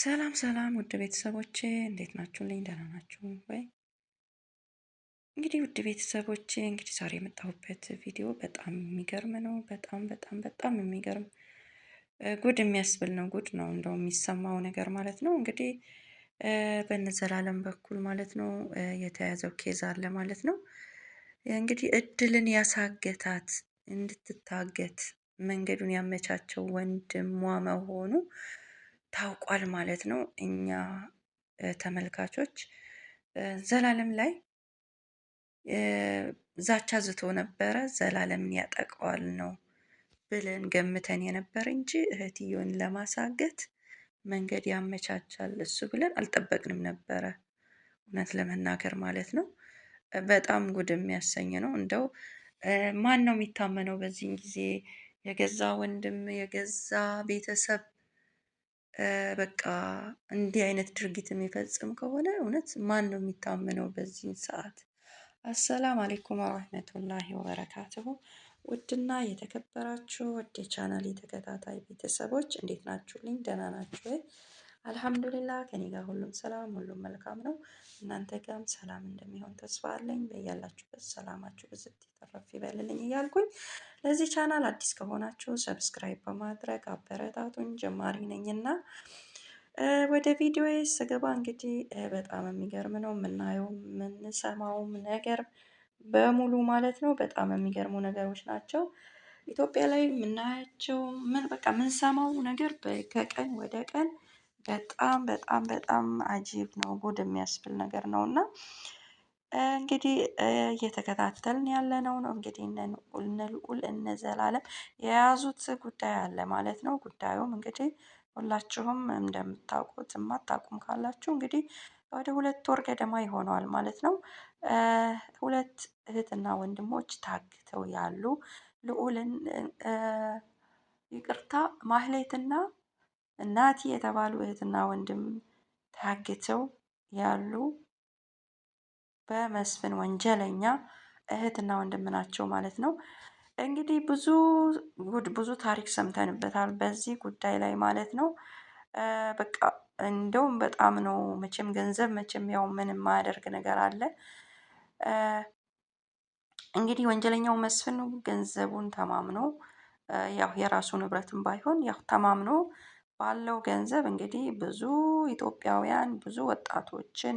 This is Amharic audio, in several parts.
ሰላም ሰላም ውድ ቤተሰቦቼ እንዴት ልኝ ደህና ናችሁ ወይ? እንግዲህ ውድ ቤተሰቦቼ እንግዲህ ዛሬ የመጣሁበት ቪዲዮ በጣም የሚገርም ነው። በጣም በጣም በጣም የሚገርም ጉድ የሚያስብል ነው። ጉድ ነው እንደው የሚሰማው ነገር ማለት ነው። እንግዲህ በነዘላለም በኩል ማለት ነው የተያዘው ኬዝ አለ ማለት ነው። እንግዲህ እድልን ያሳገታት እንድትታገት መንገዱን ያመቻቸው ወንድሟ መሆኑ ታውቋል ማለት ነው። እኛ ተመልካቾች ዘላለም ላይ ዛቻ ዝቶ ነበረ። ዘላለምን ያጠቀዋል ነው ብለን ገምተን የነበር እንጂ እህትዮን ለማሳገት መንገድ ያመቻቻል እሱ ብለን አልጠበቅንም ነበረ። እውነት ለመናገር ማለት ነው። በጣም ጉድ የሚያሰኝ ነው። እንደው ማን ነው የሚታመነው በዚህን ጊዜ? የገዛ ወንድም፣ የገዛ ቤተሰብ በቃ እንዲህ አይነት ድርጊት የሚፈጽም ከሆነ እውነት ማን ነው የሚታመነው በዚህን ሰዓት? አሰላም አሌይኩም ወረህመቱላሂ ወበረካትሁ። ውድና የተከበራችሁ ውድ የቻናል የተከታታይ ቤተሰቦች እንዴት ናችሁልኝ? ደህና ናችሁ ወይ? አልሐምዱሊላህ ከኔ ጋር ሁሉም ሰላም፣ ሁሉም መልካም ነው። እናንተ ጋርም ሰላም እንደሚሆን ተስፋ አለኝ። በያላችሁበት ሰላማችሁ ብዝት ይተረፍ ይበልልኝ እያልኩኝ ለዚህ ቻናል አዲስ ከሆናችሁ ሰብስክራይብ በማድረግ አበረታቱኝ። ጀማሪ ነኝና ወደ ቪዲዮ ስገባ እንግዲህ በጣም የሚገርም ነው የምናየው የምንሰማውም ነገር በሙሉ ማለት ነው። በጣም የሚገርሙ ነገሮች ናቸው። ኢትዮጵያ ላይ የምናያቸው ምን በቃ የምንሰማው ነገር ከቀን ወደ ቀን በጣም በጣም በጣም አጂብ ነው፣ ጉድ የሚያስብል ነገር ነው። እና እንግዲህ እየተከታተልን ያለነው ነው። እንግዲህ እነ ልዑል እነ ዘላለም የያዙት ጉዳይ አለ ማለት ነው። ጉዳዩም እንግዲህ ሁላችሁም እንደምታውቁት የማታውቁም ካላችሁ እንግዲህ ወደ ሁለት ወር ገደማ ይሆነዋል ማለት ነው። ሁለት እህትና ወንድሞች ታግተው ያሉ ልዑልን ይቅርታ ማህሌትና እናቲ የተባሉ እህትና ወንድም ታግተው ያሉ በመስፍን ወንጀለኛ እህትና ወንድም ናቸው ማለት ነው። እንግዲህ ብዙ ጉድ ብዙ ታሪክ ሰምተንበታል በዚህ ጉዳይ ላይ ማለት ነው። በቃ እንደውም በጣም ነው መቼም ገንዘብ መቼም ያው ምን የማያደርግ ነገር አለ። እንግዲህ ወንጀለኛው መስፍን ገንዘቡን ተማምኖ ያው የራሱ ንብረትም ባይሆን ያው ተማምኖ ባለው ገንዘብ እንግዲህ ብዙ ኢትዮጵያውያን ብዙ ወጣቶችን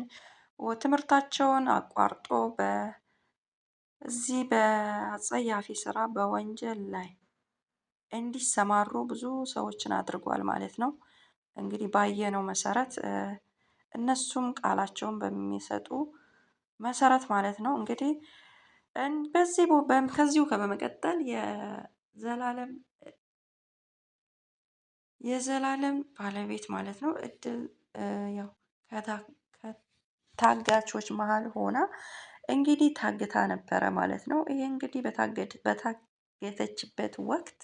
ትምህርታቸውን አቋርጦ በዚህ በአጸያፊ ስራ በወንጀል ላይ እንዲሰማሩ ብዙ ሰዎችን አድርጓል ማለት ነው። እንግዲህ ባየነው መሰረት እነሱም ቃላቸውን በሚሰጡ መሰረት ማለት ነው እንግዲህ በዚህ ከዚሁ ከበመቀጠል የዘላለም የዘላለም ባለቤት ማለት ነው። እድል ያው ከታጋቾች መሀል ሆና እንግዲህ ታግታ ነበረ ማለት ነው። ይሄ እንግዲህ በታገተችበት ወቅት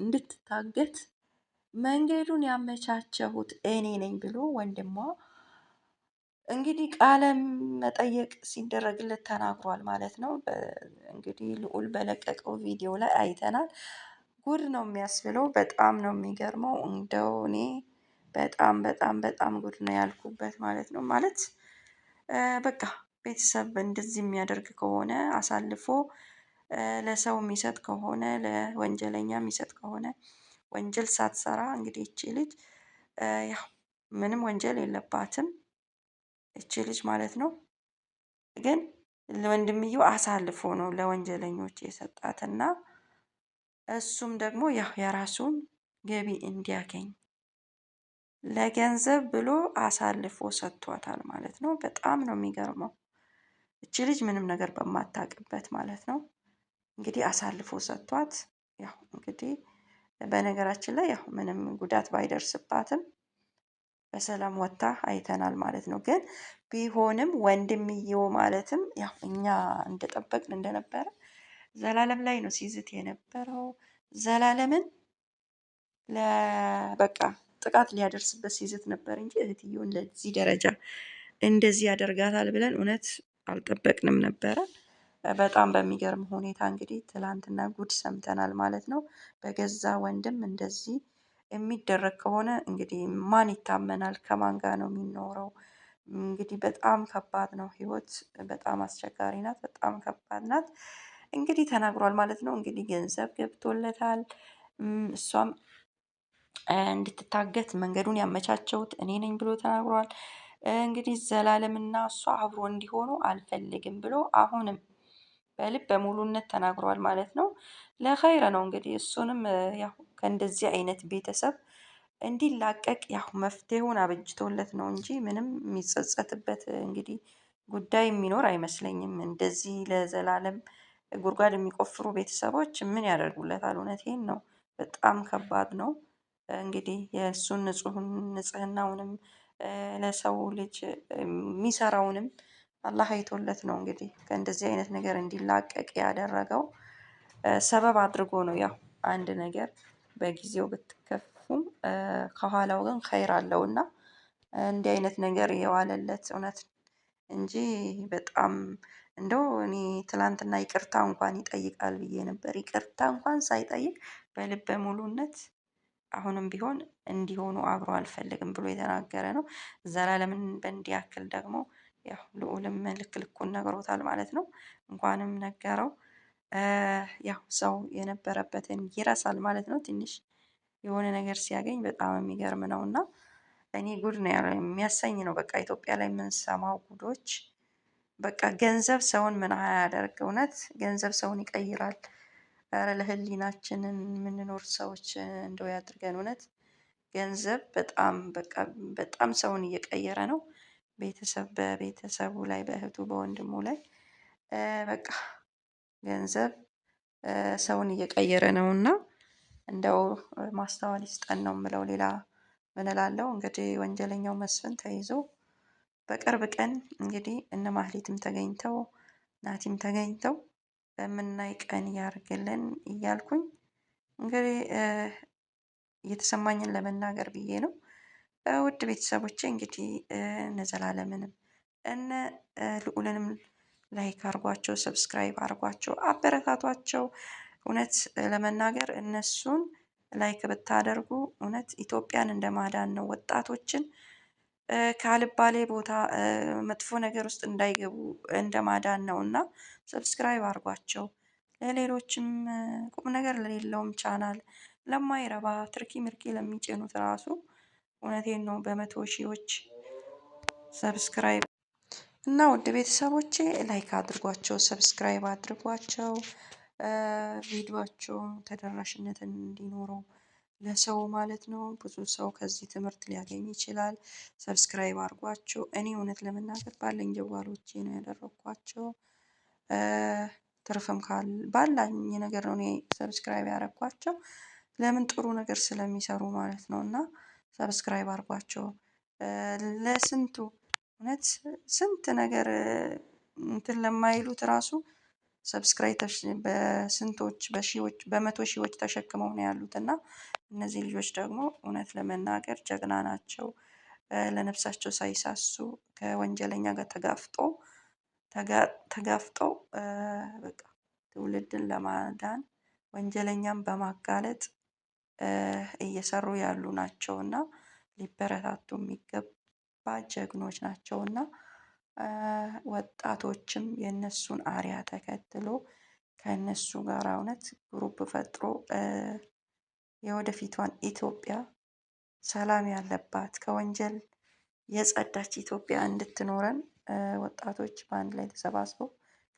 እንድትታገት መንገዱን ያመቻቸሁት እኔ ነኝ ብሎ ወንድሟ እንግዲህ ቃለ መጠየቅ ሲደረግለት ተናግሯል ማለት ነው። እንግዲህ ልዑል በለቀቀው ቪዲዮ ላይ አይተናል። ጉድ ነው የሚያስብለው። በጣም ነው የሚገርመው። እንደው እኔ በጣም በጣም በጣም ጉድ ነው ያልኩበት ማለት ነው። ማለት በቃ ቤተሰብ እንደዚህ የሚያደርግ ከሆነ አሳልፎ ለሰው የሚሰጥ ከሆነ ለወንጀለኛ የሚሰጥ ከሆነ ወንጀል ሳትሰራ እንግዲህ እቺ ልጅ ያው ምንም ወንጀል የለባትም። እች ልጅ ማለት ነው። ግን ወንድምየው አሳልፎ ነው ለወንጀለኞች የሰጣትና እሱም ደግሞ ያው የራሱን ገቢ እንዲያገኝ ለገንዘብ ብሎ አሳልፎ ሰጥቷታል ማለት ነው። በጣም ነው የሚገርመው። እቺ ልጅ ምንም ነገር በማታውቅበት ማለት ነው እንግዲህ አሳልፎ ሰጥቷት ያው እንግዲህ በነገራችን ላይ ያው ምንም ጉዳት ባይደርስባትም በሰላም ወጥታ አይተናል ማለት ነው። ግን ቢሆንም ወንድምየው ማለትም ያው እኛ እንደጠበቅን እንደነበረ ዘላለም ላይ ነው ሲዝት የነበረው። ዘላለምን በቃ ጥቃት ሊያደርስበት ሲዝት ነበር እንጂ እህትየውን ለዚህ ደረጃ እንደዚህ ያደርጋታል ብለን እውነት አልጠበቅንም ነበረ። በጣም በሚገርም ሁኔታ እንግዲህ ትላንትና ጉድ ሰምተናል ማለት ነው። በገዛ ወንድም እንደዚህ የሚደረግ ከሆነ እንግዲህ ማን ይታመናል? ከማን ጋር ነው የሚኖረው? እንግዲህ በጣም ከባድ ነው። ህይወት በጣም አስቸጋሪ ናት። በጣም ከባድ ናት። እንግዲህ ተናግሯል ማለት ነው። እንግዲህ ገንዘብ ገብቶለታል። እሷም እንድትታገት መንገዱን ያመቻቸውት እኔ ነኝ ብሎ ተናግሯል። እንግዲህ ዘላለምና እሷ አብሮ እንዲሆኑ አልፈልግም ብሎ አሁንም በልብ በሙሉነት ተናግሯል ማለት ነው። ለኸይረ ነው እንግዲህ እሱንም ያው ከእንደዚህ አይነት ቤተሰብ እንዲላቀቅ ያው መፍትሄውን አበጅቶለት ነው እንጂ ምንም የሚጸጸትበት እንግዲህ ጉዳይ የሚኖር አይመስለኝም። እንደዚህ ለዘላለም ጉድጓድ የሚቆፍሩ ቤተሰቦች ምን ያደርጉለታል? እውነቴን ነው። በጣም ከባድ ነው። እንግዲህ የእሱን ንጹህን ንጽህናውንም ለሰው ልጅ የሚሰራውንም አላህ አይቶለት ነው እንግዲህ ከእንደዚህ አይነት ነገር እንዲላቀቅ ያደረገው ሰበብ አድርጎ ነው ያው አንድ ነገር በጊዜው ብትከፉም ከኋላው ግን ኸይር አለው እና እንዲህ አይነት ነገር የዋለለት እውነት እንጂ በጣም እንደው እኔ ትላንትና ይቅርታ እንኳን ይጠይቃል ብዬ ነበር። ይቅርታ እንኳን ሳይጠይቅ በልበ ሙሉነት አሁንም ቢሆን እንዲሆኑ አብሮ አልፈልግም ብሎ የተናገረ ነው። ዘላለምን በእንዲያክል ደግሞ ያው ልዑልም ልክ ልኩን ነግሮታል ማለት ነው። እንኳንም ነገረው። ያው ሰው የነበረበትን ይረሳል ማለት ነው። ትንሽ የሆነ ነገር ሲያገኝ በጣም የሚገርም ነው እና እኔ ጉድ ነው ያለው የሚያሰኝ ነው። በቃ ኢትዮጵያ ላይ የምንሰማው ጉዶች በቃ ገንዘብ ሰውን ምን ያደርግ? እውነት ገንዘብ ሰውን ይቀይራል። ኧረ ለህሊናችንን የምንኖር ሰዎች እንደው ያድርገን። እውነት ገንዘብ በጣም በቃ በጣም ሰውን እየቀየረ ነው። ቤተሰብ በቤተሰቡ ላይ በእህቱ በወንድሙ ላይ በቃ ገንዘብ ሰውን እየቀየረ ነው እና እንደው ማስተዋል ይስጠን ነው የምለው። ሌላ ምን እላለሁ? እንግዲህ ወንጀለኛው መስፍን ተይዞ በቅርብ ቀን እንግዲህ እነ ማህሌትም ተገኝተው ናቲም ተገኝተው በምናይ ቀን ያርግልን እያልኩኝ እንግዲህ እየተሰማኝን ለመናገር ብዬ ነው። ውድ ቤተሰቦቼ እንግዲህ እነ ዘላለምንም እነ ልዑልንም ላይክ አርጓቸው፣ ሰብስክራይብ አርጓቸው፣ አበረታቷቸው። እውነት ለመናገር እነሱን ላይክ ብታደርጉ እውነት ኢትዮጵያን እንደማዳን ነው። ወጣቶችን ካልባሌ ቦታ መጥፎ ነገር ውስጥ እንዳይገቡ እንደማዳን ነው እና ሰብስክራይብ አርጓቸው። ለሌሎችም ቁም ነገር ለሌለውም ቻናል ለማይረባ ትርኪ ምርኪ ለሚጭኑት ራሱ እውነቴን ነው በመቶ ሺዎች ሰብስክራይብ እና ውድ ቤተሰቦቼ ላይክ አድርጓቸው፣ ሰብስክራይብ አድርጓቸው፣ ቪዲዮቸውን ተደራሽነትን እንዲኖረው ለሰው ማለት ነው። ብዙ ሰው ከዚህ ትምህርት ሊያገኝ ይችላል። ሰብስክራይብ አድርጓቸው። እኔ እውነት ለመናገር ባለኝ ጀዋሎቼ ነው ያደረግኳቸው። ትርፍም ካል ባላኝ ነገር ነው እኔ ሰብስክራይብ ያደረግኳቸው። ለምን ጥሩ ነገር ስለሚሰሩ ማለት ነው። እና ሰብስክራይብ አድርጓቸው ለስንቱ እውነት ስንት ነገር እንትን ለማይሉት ራሱ ሰብስክራይብ በስንቶች በሺዎች በመቶ ሺዎች ተሸክመው ነው ያሉት እና እነዚህ ልጆች ደግሞ እውነት ለመናገር ጀግና ናቸው። ለነፍሳቸው ሳይሳሱ ከወንጀለኛ ጋር ተጋፍጦ ተጋፍጠው በቃ ትውልድን ለማዳን ወንጀለኛን በማጋለጥ እየሰሩ ያሉ ናቸው እና ሊበረታቱ የሚገባ ጀግኖች ናቸው እና ወጣቶችም የእነሱን አሪያ ተከትሎ ከእነሱ ጋር እውነት ግሩፕ ፈጥሮ የወደፊቷን ኢትዮጵያ ሰላም ያለባት ከወንጀል የጸዳች ኢትዮጵያ እንድትኖረን ወጣቶች በአንድ ላይ ተሰባስበው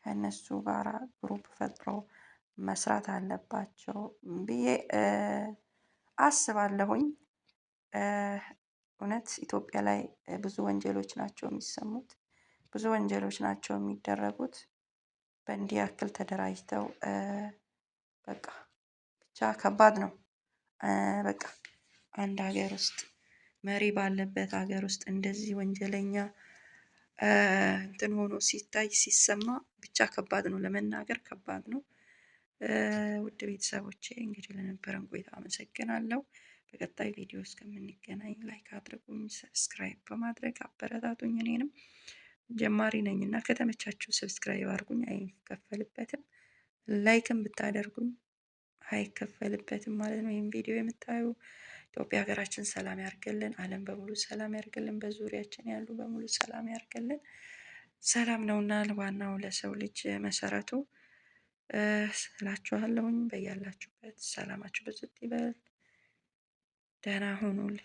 ከእነሱ ጋር ግሩፕ ፈጥሮ መስራት አለባቸው ብዬ አስባለሁኝ። እውነት ኢትዮጵያ ላይ ብዙ ወንጀሎች ናቸው የሚሰሙት፣ ብዙ ወንጀሎች ናቸው የሚደረጉት። በእንዲህ ያክል ተደራጅተው በቃ ብቻ ከባድ ነው። በቃ አንድ ሀገር ውስጥ መሪ ባለበት ሀገር ውስጥ እንደዚህ ወንጀለኛ እንትን ሆኖ ሲታይ ሲሰማ ብቻ ከባድ ነው፣ ለመናገር ከባድ ነው። ውድ ቤተሰቦቼ እንግዲህ ለነበረን ቆይታ አመሰግናለሁ። በቀጣይ ቪዲዮ እስከምንገናኝ ላይክ አድርጉኝ፣ ሰብስክራይብ በማድረግ አበረታቱኝ። እኔንም ጀማሪ ነኝ እና ከተመቻችሁ ሰብስክራይብ አድርጉኝ፣ አይከፈልበትም። ላይክም ብታደርጉኝ አይከፈልበትም ማለት ነው። ይህም ቪዲዮ የምታዩ ኢትዮጵያ ሀገራችን ሰላም ያርገልን፣ ዓለም በሙሉ ሰላም ያርገልን፣ በዙሪያችን ያሉ በሙሉ ሰላም ያርገልን። ሰላም ነውና ዋናው ለሰው ልጅ መሰረቱ እላችኋለሁኝ። በያላችሁበት ሰላማችሁ ብዙ ይበል። ደህና ሁኑልኝ